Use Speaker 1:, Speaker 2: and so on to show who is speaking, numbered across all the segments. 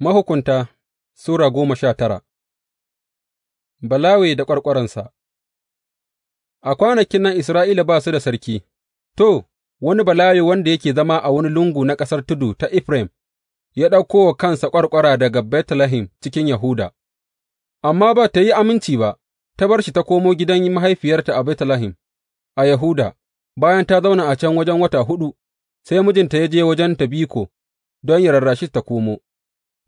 Speaker 1: Mahukunta Sura goma sha tara Balawe da ƙwarƙwaransa A kwanakin nan Isra'ila ba su da sarki, to, wani Balawe wanda yake zama a wani lungu na ƙasar tudu ta Efraim, ya ɗauko wa kansa ƙwarƙwara daga Betlehem cikin Yahuda, amma ba ta yi aminci ba, ta bar shi ta komo gidan mahaifiyarta a Betlehem a Yahuda, bayan ta zauna a can wajen wata huɗu, sai mijinta ya je wajen ta biko don ya rarrashi ta komo.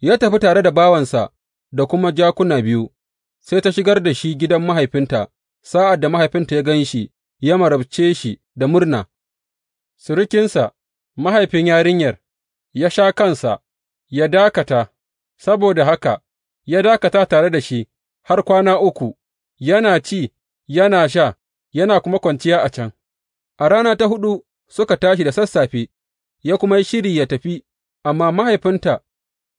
Speaker 1: ya tafi tare da bawansa da kuma jakuna biyu, sai ta shigar da shi gidan mahaifinta, sa'ad da mahaifinta ya gan shi, ya marabce shi da murna, surukinsa, mahaifin yarinyar, ya sha kansa, ya dakata, saboda haka, ya dakata tare da shi har kwana uku, yana ci, yana sha, yana kuma kwanciya a can. A rana ta huɗu suka tashi da sassafe, ya kuma yi shiri ya tafi, amma mahaifinta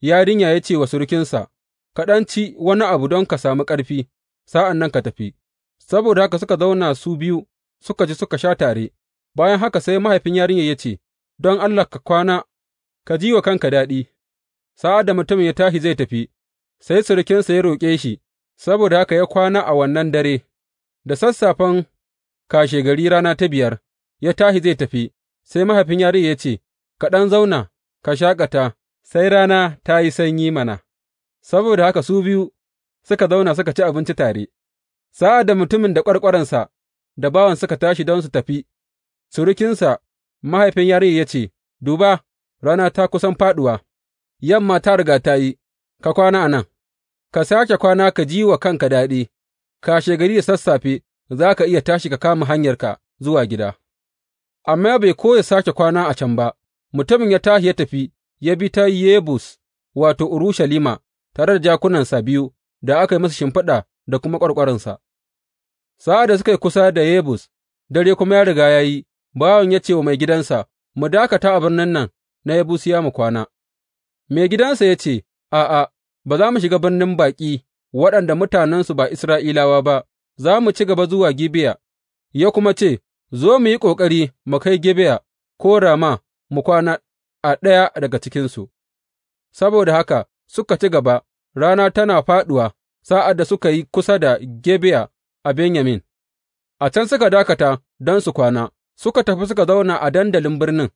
Speaker 1: yarinya ya ce wa surukinsa, Ka ɗan ci wani abu don ka sami ƙarfi, sa'an nan ka tafi. Saboda haka suka zauna su biyu suka ci suka sha tare, bayan haka sai mahaifin yarinya ya ce, Don Allah ka kwana, ka ji wa kanka daɗi. Sa'ad da mutumin ya tashi zai tafi, sai surukinsa ya roƙe shi, saboda haka ya kwana a wannan dare, da sassafen kashegari rana ta biyar, ya tashi zai tafi, sai mahaifin yarinya ya ce, Ka ɗan zauna, ka shaƙata, sai rana ta yi sanyi mana, saboda haka su biyu suka zauna suka ci abinci tare, sa'ad da mutumin da ƙwarƙwaransa da bawan suka tashi don su tafi, surukinsa mahaifin yare ya ce, Duba, rana ta kusan faɗuwa, yamma ta riga ta yi, ka kwana a nan, ka sake kwana ka ji wa kanka daɗi, kashegari da sassafe za ka iya tashi ka kama hanyarka zuwa gida. Amma bai koya sake kwana a can ba, mutumin ya tashi ya tafi ya bi ta Yebus wato, Urushalima, tare da jakunansa biyu da aka yi masa shimfiɗa da kuma ƙwarƙwaransa. Sa'ad da suka yi kusa da Yebus, dare kuma ya riga ya yi, bawan ya ce wa mai gidansa, Mu dakata a birnin nan na Yebusiya mu kwana. Mai gidansa ya ce, A'a, ba za mu shiga birnin baƙi waɗanda mutanensu ba Isra'ilawa ba, za mu ci gaba zuwa Gibeya, ya kuma ce, Zo mu yi ƙoƙari mu kai Gibeya ko Rama mu kwana a ɗaya daga cikinsu, saboda haka suka ci gaba, rana tana faɗuwa sa'ad da suka yi kusa da Gebiya a Benyamin, a can suka dakata don su kwana, suka tafi suka zauna a dandalin birnin,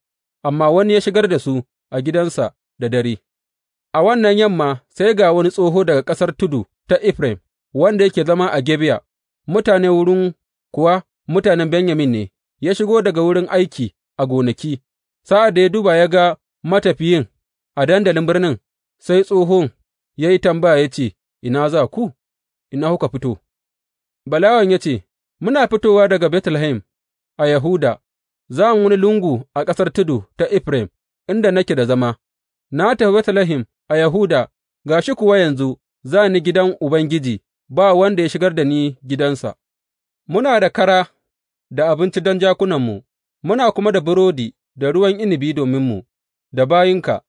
Speaker 1: amma wani ya shigar da su a gidansa da dare. A wannan yamma sai ga wani tsoho daga ƙasar tudu ta Efraim, wanda yake zama a Gebiya, mutane wurin kuwa mutanen Benyamin ne, ya shigo daga wurin aiki a gonaki, sa'ad da ya duba ya ga matafiyin a dandalin birnin, sai tsohon ya yi tambaya ya ce, Ina za ku, ina kuka fito? Balawan ya ce, Muna fitowa daga Betlehem a Yahuda, za mu wani lungu a ƙasar tudu ta Efraim, inda nake da zama, na tafi Betlehem a Yahuda, ga shi kuwa yanzu za ni gidan Ubangiji, ba wanda ya shigar da ni gidansa. Muna da kara da abinci don jakunanmu, muna kuma da burodi da ruwan inabi dominmu, da bayinka,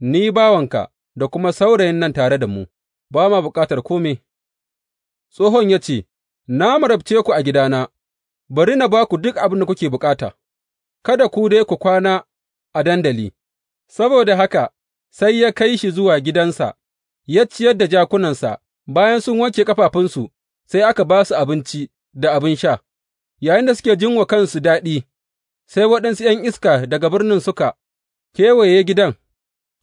Speaker 1: ni bawanka da kuma saurayin nan tare da mu, ba ma bukatar kome. Tsohon ya ce, Na marabce ku a gidana, bari na ba ku duk abin da kuke bukata, kada ku dai ku kwana a dandali, saboda haka sai ya kai shi zuwa gidansa, ya ciyar da jakunansa, bayan sun wanke ƙafafunsu, sai aka ba su abinci da abin sha, Yayin da suke jin wa kansu daɗi, sai waɗansu ’yan iska daga birnin suka kewaye gidan,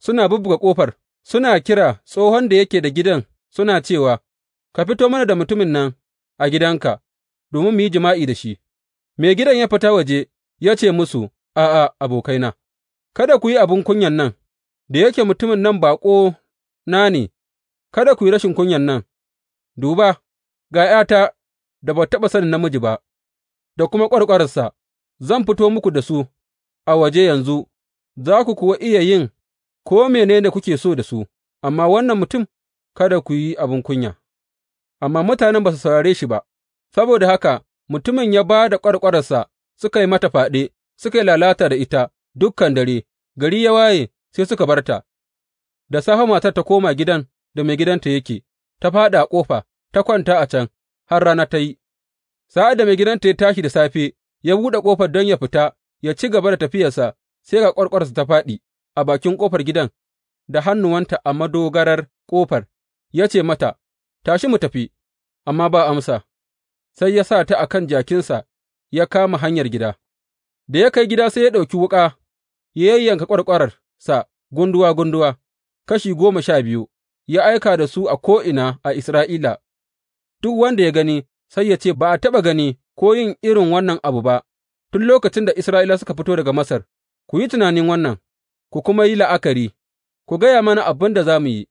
Speaker 1: suna bubbuga ƙofar, suna kira tsohon da yake da gidan, suna cewa, Ka fito mana da mutumin nan a gidanka, domin mu yi jima'i da shi. Me gidan ya fita waje ya ce musu, A'a, abokaina, kada ku yi abin kunyan nan, da yake mutumin nan baƙo na ne, kada ku yi rashin kunyan nan, duba, ga ’yata da ba taɓa sanin namiji ba, da kuma ƙwarƙwararsa, zan fito muku da su a waje yanzu za ku kuwa iya yin ko mene ne kuke so da su, amma wannan mutum kada ku yi abin kunya. Amma mutanen ba su saurare shi ba, saboda haka mutumin ya ba da ƙwarƙwararsa suka yi mata faɗe suka yi lalata da ita dukkan dare, gari ya waye sai suka bar ta. Da safe matar ta koma gidan da mai gidanta yake, ta fāɗi a ƙofa, ta kwanta a can, har rana ta yi. Sa'ad da mai gidanta ya tashi da safe, ya buɗe ƙofar don ya fita, ya ci gaba da tafiyarsa, sai ga ƙwarƙwararsa ta fāɗi a bakin ƙofar gidan da hannuwanta a madogarar ƙofar, ya ce mata, Tashi mu tafi, amma ba amsa, sai ya sa ta a kan jakinsa ya kama hanyar gida. Da ya kai gida sai ya ɗauki wuƙa, ya yayyanka ƙwarƙwararsa gunduwa-gunduwa, kashi goma sha biyu, ya aika da su a ko'ina a Isra'ila, duk wanda ya gani sai ya ce, Ba a taɓa gani ko yin irin wannan abu ba, tun lokacin da Isra'ila suka fito daga Masar. Ku yi tunanin wannan, ku kuma yi la'akari, ku gaya mana abin da za mu yi.